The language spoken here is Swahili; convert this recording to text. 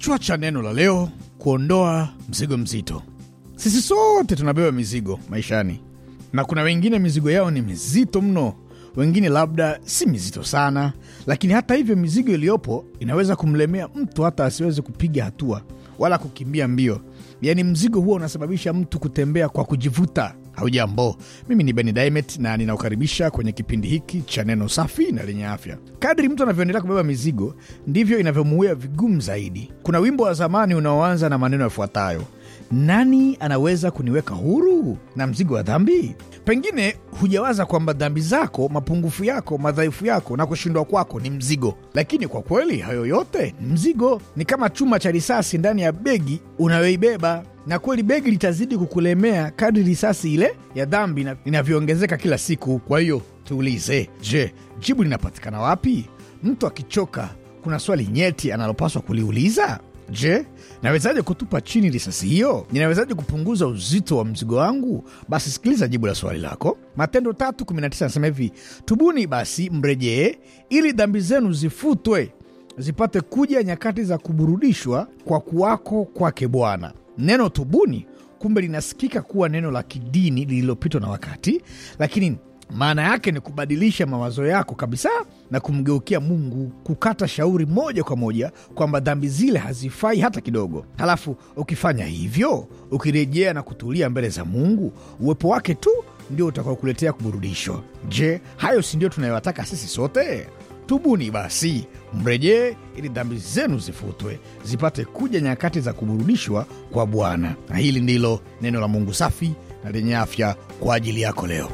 Kichwa cha neno la leo: kuondoa mzigo mzito. Sisi sote tunabeba mizigo maishani, na kuna wengine mizigo yao ni mizito mno, wengine labda si mizito sana, lakini hata hivyo mizigo iliyopo inaweza kumlemea mtu hata asiweze kupiga hatua wala kukimbia mbio. Yaani mzigo huo unasababisha mtu kutembea kwa kujivuta Haujambo, mimi ni Beni Dimet na ninakukaribisha kwenye kipindi hiki cha neno safi na lenye afya. Kadri mtu anavyoendelea kubeba mizigo, ndivyo inavyomuia vigumu zaidi. Kuna wimbo wa zamani unaoanza na maneno yafuatayo: nani anaweza kuniweka huru na mzigo wa dhambi? Pengine hujawaza kwamba dhambi zako, mapungufu yako, madhaifu yako na kushindwa kwako ni mzigo, lakini kwa kweli hayo yote ni mzigo. Ni kama chuma cha risasi ndani ya begi unayoibeba na kweli begi litazidi kukulemea kadri risasi ile ya dhambi inavyoongezeka kila siku. Kwa hiyo tuulize, je, jibu linapatikana wapi? Mtu akichoka, kuna swali nyeti analopaswa kuliuliza. Je, nawezaje kutupa chini risasi hiyo? Ninawezaje kupunguza uzito wa mzigo wangu? Basi sikiliza jibu la swali lako. Matendo 3:19 anasema hivi, tubuni basi mrejee, ili dhambi zenu zifutwe, zipate kuja nyakati za kuburudishwa kwa kuwako kwake Bwana. Neno tubuni kumbe linasikika kuwa neno la kidini lililopitwa na wakati, lakini maana yake ni kubadilisha mawazo yako kabisa na kumgeukia Mungu, kukata shauri moja kwa moja kwamba dhambi zile hazifai hata kidogo. Halafu ukifanya hivyo, ukirejea na kutulia mbele za Mungu, uwepo wake tu ndio utakaokuletea kuburudishwa. Je, hayo si ndio tunayowataka sisi sote? Tubuni basi, mrejee ili dhambi zenu zifutwe, zipate kuja nyakati za kuburudishwa kwa Bwana. Na hili ndilo neno la Mungu safi na lenye afya kwa ajili yako leo.